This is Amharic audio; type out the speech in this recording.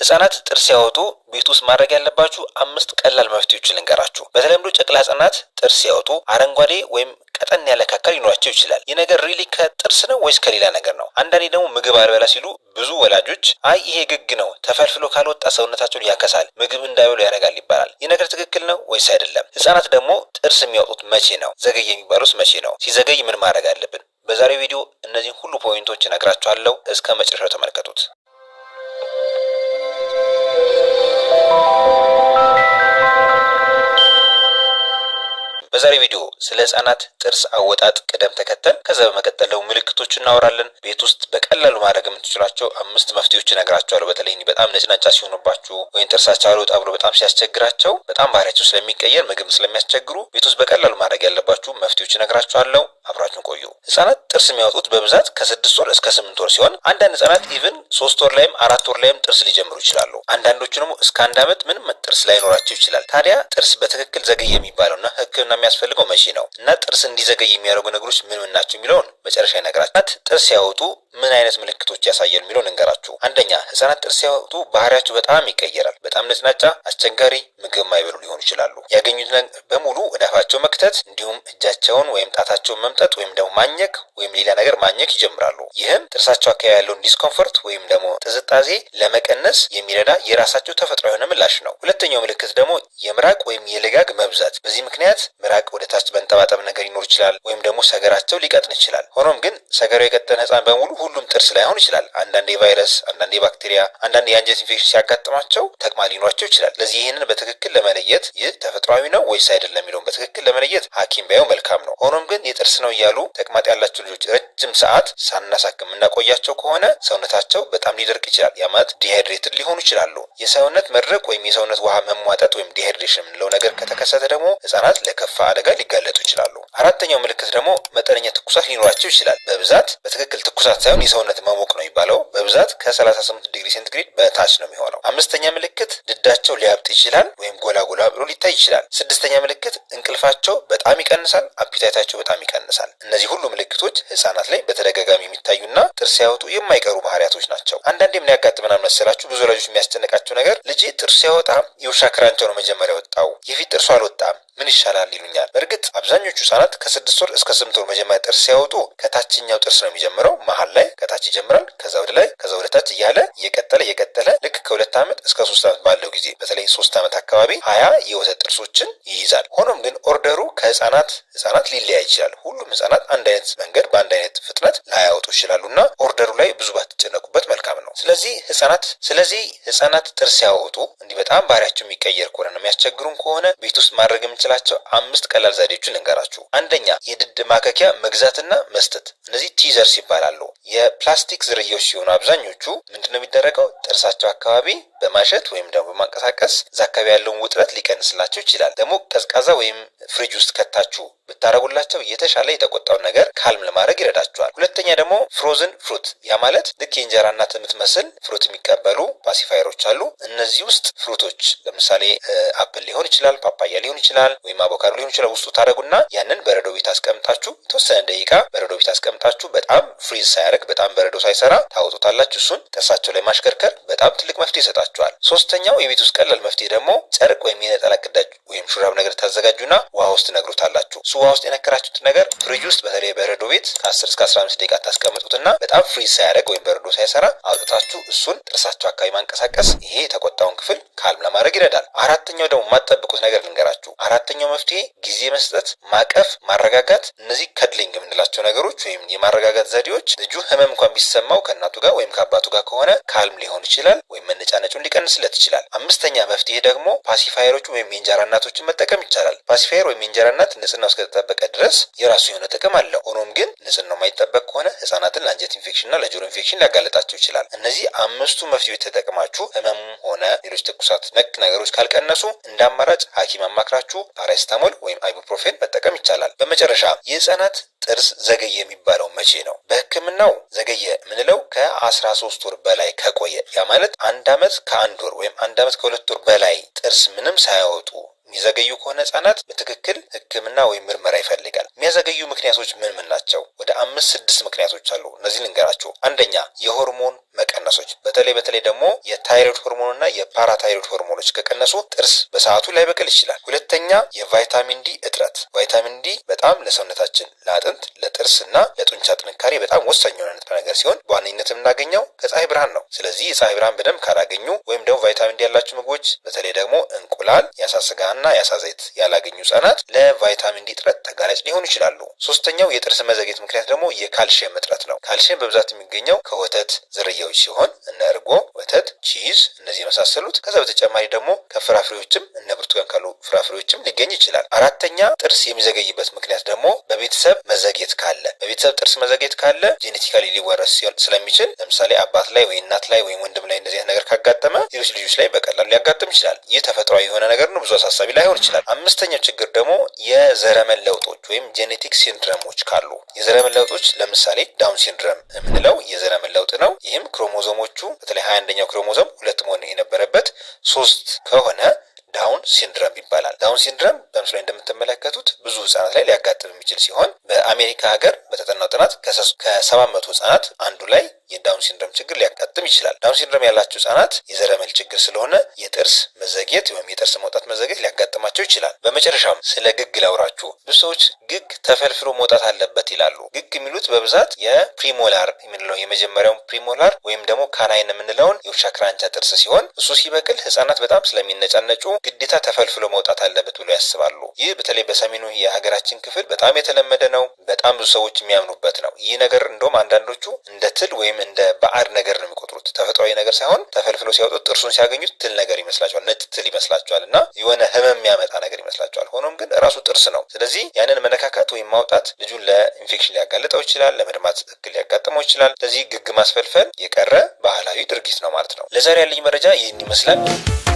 ህጻናት ጥርስ ሲያወጡ ቤት ውስጥ ማድረግ ያለባችሁ አምስት ቀላል መፍትሄዎች ልንገራችሁ። በተለምዶ ጨቅላ ህጻናት ጥርስ ሲያወጡ አረንጓዴ ወይም ቀጠን ያለ ካካል ሊኖራቸው ይችላል። ይህ ነገር ሪሊ ከጥርስ ነው ወይስ ከሌላ ነገር ነው? አንዳንዴ ደግሞ ምግብ አልበላ ሲሉ ብዙ ወላጆች አይ ይሄ ግግ ነው፣ ተፈልፍሎ ካልወጣ ሰውነታቸውን ያከሳል፣ ምግብ እንዳይበሉ ያደርጋል ይባላል። ይህ ነገር ትክክል ነው ወይስ አይደለም? ህጻናት ደግሞ ጥርስ የሚያወጡት መቼ ነው? ዘገየ የሚባሉት መቼ ነው? ሲዘገይ ምን ማድረግ አለብን? በዛሬው ቪዲዮ እነዚህን ሁሉ ፖይንቶች እነግራችኋለሁ። እስከ መጨረሻው ተመልከቱት። በዛሬ ቪዲዮ ስለ ህጻናት ጥርስ አወጣጥ ቅደም ተከተል፣ ከዛ በመቀጠል ደግሞ እናወራለን። ቤት ውስጥ በቀላሉ ማድረግ የምትችላቸው አምስት መፍትሄዎች እነግራቸዋለሁ። በተለይ በጣም ነጭናጫ ሲሆኑባችሁ ወይም ጥርሳቸው አልወጣ ብሎ በጣም ሲያስቸግራቸው፣ በጣም ባህሪያቸው ስለሚቀየር፣ ምግብ ስለሚያስቸግሩ ቤት ውስጥ በቀላሉ ማድረግ ያለባችሁ መፍትሄዎች እነግራቸዋለሁ። አብራችሁን ቆዩ። ህጻናት ጥርስ የሚያወጡት በብዛት ከስድስት ወር እስከ ስምንት ወር ሲሆን አንዳንድ ህጻናት ኢቭን ሶስት ወር ላይም አራት ወር ላይም ጥርስ ሊጀምሩ ይችላሉ። አንዳንዶቹ ደግሞ እስከ አንድ ዓመት ምንም ጥርስ ላይኖራቸው ይችላል። ታዲያ ጥርስ በትክክል ዘገይ የሚባለውና ህክምና የሚያስፈልገው መቼ ነው እና ጥርስ እንዲዘገይ የሚያደርጉ ነገሮች ምን ምን ናቸው የሚለውን መጨረሻ ይነግራል። ጥርስ ሲያወጡ ምን አይነት ምልክቶች ያሳያል የሚለው ልንገራችሁ። አንደኛ ህጻናት ጥርስ ሲያወጡ ባህሪያቸው በጣም ይቀየራል። በጣም ነጭናጫ፣ አስቸጋሪ፣ ምግብ ማይበሉ ሊሆኑ ይችላሉ። ያገኙት በሙሉ ወደ አፋቸው መክተት፣ እንዲሁም እጃቸውን ወይም ጣታቸውን መምጠጥ ወይም ደግሞ ማኘክ ወይም ሌላ ነገር ማኘክ ይጀምራሉ። ይህም ጥርሳቸው አካባቢ ያለውን ዲስኮንፈርት ወይም ደግሞ ጥዝጣዜ ለመቀነስ የሚረዳ የራሳቸው ተፈጥሮ የሆነ ምላሽ ነው። ሁለተኛው ምልክት ደግሞ የምራቅ ወይም የልጋግ መብዛት። በዚህ ምክንያት ምራቅ ወደ ታች መንጠባጠብ ነገር ይኖር ይችላል፣ ወይም ደግሞ ሰገራቸው ሊቀጥን ይችላል። ሆኖም ግን ሰገራው የቀጠነ ህጻን በሙሉ ሁሉም ጥርስ ላይሆን ይችላል። አንዳንድ የቫይረስ፣ አንዳንድ የባክቴሪያ፣ አንዳንድ የአንጀት ኢንፌክሽን ሲያጋጥማቸው ተቅማ ሊኖራቸው ይችላል። ለዚህ ይህንን በትክክል ለመለየት ይህ ተፈጥሯዊ ነው ወይስ አይደለም የሚለውን በትክክል ለመለየት ሐኪም ቢያዩ መልካም ነው። ሆኖም ግን የጥርስ ነው እያሉ ተቅማጥ ያላቸው ልጆች ረጅም ሰዓት ሳናሳክም የምናቆያቸው ከሆነ ሰውነታቸው በጣም ሊደርቅ ይችላል። ያ ማለት ዲሃይድሬትድ ሊሆኑ ይችላሉ። የሰውነት መድረቅ ወይም የሰውነት ውሃ መሟጠጥ ወይም ዲሃይድሬሽን የምንለው ነገር ከተከሰተ ደግሞ ህጻናት ለከፋ አደጋ ሊጋለጡ ይችላሉ። አራተኛው ምልክት ደግሞ መጠነኛ ትኩሳት ሊኖራቸው ይችላል። በብዛት በትክክል ትኩሳት ሳይሆን የሰውነት መሞቅ ነው የሚባለው። በብዛት ከ38 ዲግሪ ሴንቲግሬድ በታች ነው የሚሆነው። አምስተኛ ምልክት ድዳቸው ሊያብጥ ይችላል ወይም ጎላጎላ ብሎ ሊታይ ይችላል። ስድስተኛ ምልክት እንቅልፋቸው በጣም ይቀንሳል፣ አፒታይታቸው በጣም ይቀንሳል። እነዚህ ሁሉ ምልክቶች ህጻናት ላይ በተደጋጋሚ የሚታዩና ጥርስ ያወጡ የማይቀሩ ባህሪያቶች ናቸው። አንዳንዴ ምን ያጋጥመናል መሰላችሁ? ብዙ ወላጆች የሚያስጨንቃቸው ነገር ልጄ ጥርስ ያወጣ የውሻ ክራንቻው ነው መጀመሪያ ወጣው፣ የፊት ጥርሱ አልወጣም ምን ይሻላል ይሉኛል። በእርግጥ አብዛኞቹ ህጻናት ከስድስት ወር እስከ ስምንት ወር መጀመሪያ ጥርስ ሲያወጡ ከታችኛው ጥርስ ነው የሚጀምረው። መሀል ላይ ከታች ይጀምራል ከዛ ወደ ላይ ከዛ ወደ ታች እያለ እየቀጠለ እየቀጠለ ልክ ከሁለት ዓመት እስከ ሶስት ዓመት ባለው ጊዜ በተለይ ሶስት ዓመት አካባቢ ሀያ የወተት ጥርሶችን ይይዛል። ሆኖም ግን ኦርደሩ ከህፃናት ህጻናት ሊለያይ ይችላል። ሁሉም ህጻናት አንድ አይነት መንገድ በአንድ አይነት ፍጥነት ላያወጡ ይችላሉ እና ኦርደሩ ላይ ብዙ ባትጨነቁበት መልካም ነው። ስለዚህ ህጻናት ስለዚህ ህጻናት ጥርስ ሲያወጡ እንዲህ በጣም ባህሪያቸው የሚቀየር ከሆነ ነው የሚያስቸግሩን ከሆነ ቤት ውስጥ ማድረግ የምንችላቸው አምስት ቀላል ዘዴዎችን ልንገራችሁ። አንደኛ የድድ ማከኪያ መግዛትና መስጠት። እነዚህ ቲዘርስ ይባላሉ። የፕላስቲክ ዝርያ ሴትዮች ሲሆኑ አብዛኞቹ ምንድነው የሚደረገው? ጥርሳቸው አካባቢ በማሸት ወይም ደግሞ በማንቀሳቀስ እዛ አካባቢ ያለውን ውጥረት ሊቀንስላቸው ይችላል። ደግሞ ቀዝቃዛ ወይም ፍሪጅ ውስጥ ከታችሁ ብታደረጉላቸው የተሻለ የተቆጣውን ነገር ካልም ለማድረግ ይረዳቸዋል። ሁለተኛ ደግሞ ፍሮዝን ፍሩት፣ ያ ማለት ልክ የእንጀራ እናት የምትመስል ፍሩት የሚቀበሉ ፓሲፋየሮች አሉ። እነዚህ ውስጥ ፍሩቶች ለምሳሌ አፕል ሊሆን ይችላል፣ ፓፓያ ሊሆን ይችላል፣ ወይም አቮካዶ ሊሆን ይችላል። ውስጡ ታደረጉና ያንን በረዶ ቤት አስቀምጣችሁ የተወሰነ ደቂቃ በረዶ ቤት አስቀምጣችሁ በጣም ፍሪዝ ሳያደርግ በጣም በረዶ ሳይሰራ ታወጡታላችሁ። እሱን ጥርሳቸው ላይ ማሽከርከር በጣም ትልቅ መፍትሄ ይሰጣችኋል። ሶስተኛው የቤት ውስጥ ቀላል መፍትሄ ደግሞ ጨርቅ ወይም የነጠላ ቅዳጅ ወይም ሹራብ ነገር ታዘጋጁና ውሃ ውስጥ ነግሮታላችሁ ስዋ ውስጥ የነከራችሁት ነገር ፍሪጅ ውስጥ በተለይ በረዶ ቤት ከ10 እስከ 15 ደቂቃ ታስቀምጡትና በጣም ፍሪዝ ሳያደርግ ወይም በረዶ ሳይሰራ አውጥታችሁ እሱን ጥርሳችሁ አካባቢ ማንቀሳቀስ፣ ይሄ የተቆጣውን ክፍል ካልም ለማድረግ ይረዳል። አራተኛው ደግሞ የማጠብቁት ነገር ልንገራችሁ። አራተኛው መፍትሄ ጊዜ መስጠት፣ ማቀፍ፣ ማረጋጋት። እነዚህ ከድሊንግ የምንላቸው ነገሮች ወይም የማረጋጋት ዘዴዎች ልጁ ህመም እንኳን ቢሰማው ከእናቱ ጋር ወይም ከአባቱ ጋር ከሆነ ካልም ሊሆን ይችላል ወይም መነጫነጩን ሊቀንስለት ይችላል። አምስተኛ መፍትሄ ደግሞ ፓሲፋየሮች ወይም የእንጀራ እናቶችን መጠቀም ይቻላል። ፓሲፋየር ወይም የእንጀራ እናት ንጽህና እስከተጠበቀ ድረስ የራሱ የሆነ ጥቅም አለው። ሆኖም ግን ንጽህናው የማይጠበቅ ከሆነ ህጻናትን ለአንጀት ኢንፌክሽን ለጆሮ ኢንፌክሽን ሊያጋለጣቸው ይችላል። እነዚህ አምስቱ መፍትሄዎች ተጠቅማችሁ ህመሙ ሆነ ሌሎች ትኩሳት ነክ ነገሮች ካልቀነሱ እንደ አማራጭ ሐኪም አማክራችሁ ፓራሲታሞል ወይም አይቡፕሮፌን መጠቀም ይቻላል። በመጨረሻ የህጻናት ጥርስ ዘገየ የሚባለው መቼ ነው? በህክምናው ዘገየ የምንለው ከአስራ ሶስት ወር በላይ ከቆየ ያ ማለት አንድ አመት ከአንድ ወር ወይም አንድ አመት ከሁለት ወር በላይ ጥርስ ምንም ሳያወጡ የሚዘገዩ ከሆነ ህጻናት በትክክል ህክምና ወይም ምርመራ ይፈልጋል። የሚያዘገዩ ምክንያቶች ምን ምን ናቸው? ወደ አምስት ስድስት ምክንያቶች አሉ። እነዚህ ልንገራቸው። አንደኛ የሆርሞን መቀነሶች በተለይ በተለይ ደግሞ የታይሮይድ ሆርሞንና የፓራታይሮይድ ሆርሞኖች ከቀነሱ ጥርስ በሰዓቱ ላይበቅል ይችላል። ሁለተኛ የቫይታሚን ዲ እጥረት። ቫይታሚን ዲ በጣም ለሰውነታችን ለአጥንት፣ ለጥርስ እና ለጡንቻ ጥንካሬ በጣም ወሳኝ የሆነ ንጥረ ነገር ሲሆን በዋነኝነት የምናገኘው ከፀሐይ ብርሃን ነው። ስለዚህ የፀሐይ ብርሃን በደንብ ካላገኙ ወይም ደግሞ ቫይታሚን ዲ ያላቸው ምግቦች በተለይ ደግሞ እንቁላል፣ የአሳ ስጋና የአሳ ዘይት ያላገኙ ህጻናት ለቫይታሚን ዲ እጥረት ተጋላጭ ሊሆኑ ይችላሉ። ሶስተኛው የጥርስ መዘግየት ምክንያት ደግሞ የካልሽየም እጥረት ነው። ካልሽየም በብዛት የሚገኘው ከወተት ዝርያ ጥያቄዎች ሲሆን እነ እርጎ፣ ወተት፣ ቺዝ እነዚህ የመሳሰሉት። ከዛ በተጨማሪ ደግሞ ከፍራፍሬዎችም እነ ብርቱካን ካሉ ፍራፍሬዎችም ሊገኝ ይችላል። አራተኛ ጥርስ የሚዘገይበት ምክንያት ደግሞ በቤተሰብ መዘግየት ካለ በቤተሰብ ጥርስ መዘግየት ካለ ጄኔቲካሊ ሊወረስ ሲሆን ስለሚችል ለምሳሌ አባት ላይ ወይ እናት ላይ ወይም ወንድም ላይ እንደዚህ ነገር ካጋጠመ ሌሎች ልጆች ላይ በቀላሉ ሊያጋጥም ይችላል። ይህ ተፈጥሯዊ የሆነ ነገር ነው፣ ብዙ አሳሳቢ ላይሆን ይችላል። አምስተኛው ችግር ደግሞ የዘረመን ለውጦች ወይም ጄኔቲክ ሲንድረሞች ካሉ የዘረመን ለውጦች ለምሳሌ ዳውን ሲንድረም የምንለው የዘረመን ለውጥ ነው። ይህም ክሮሞዞሞቹ በተለይ ሀያ አንደኛው ክሮሞዞም ሁለት መሆን የነበረበት ሶስት ከሆነ ዳውን ሲንድረም ይባላል። ዳውን ሲንድረም በምስሉ ላይ እንደምትመለከቱት ብዙ ህጻናት ላይ ሊያጋጥም የሚችል ሲሆን በአሜሪካ ሀገር በተጠናው ጥናት ከሰባት መቶ ህጻናት አንዱ ላይ የዳውን ሲንድሮም ችግር ሊያጋጥም ይችላል። ዳውን ሲንድሮም ያላቸው ህጻናት የዘረመል ችግር ስለሆነ የጥርስ መዘግየት ወይም የጥርስ መውጣት መዘግየት ሊያጋጥማቸው ይችላል። በመጨረሻም ስለ ግግ ላውራችሁ። ብዙ ሰዎች ግግ ተፈልፍሎ መውጣት አለበት ይላሉ። ግግ የሚሉት በብዛት የፕሪሞላር የምንለው የመጀመሪያውን ፕሪሞላር ወይም ደግሞ ካናይን የምንለውን የውሻ ክራንቻ ጥርስ ሲሆን እሱ ሲበቅል ህጻናት በጣም ስለሚነጫነጩ ግዴታ ተፈልፍሎ መውጣት አለበት ብሎ ያስባሉ። ይህ በተለይ በሰሜኑ የሀገራችን ክፍል በጣም የተለመደ ነው። ነው። በጣም ብዙ ሰዎች የሚያምኑበት ነው። ይህ ነገር እንደውም አንዳንዶቹ እንደ ትል ወይም እንደ ባዕድ ነገር ነው የሚቆጥሩት። ተፈጥሯዊ ነገር ሳይሆን ተፈልፍሎ ሲያወጡት ጥርሱን ሲያገኙት ትል ነገር ይመስላቸዋል፣ ነጭ ትል ይመስላቸዋል እና የሆነ ህመም የሚያመጣ ነገር ይመስላቸዋል። ሆኖም ግን ራሱ ጥርስ ነው። ስለዚህ ያንን መነካካት ወይም ማውጣት ልጁን ለኢንፌክሽን ሊያጋልጠው ይችላል፣ ለመድማት እክል ሊያጋጥመው ይችላል። ስለዚህ ግግ ማስፈልፈል የቀረ ባህላዊ ድርጊት ነው ማለት ነው። ለዛሬ ያለኝ መረጃ ይህን ይመስላል።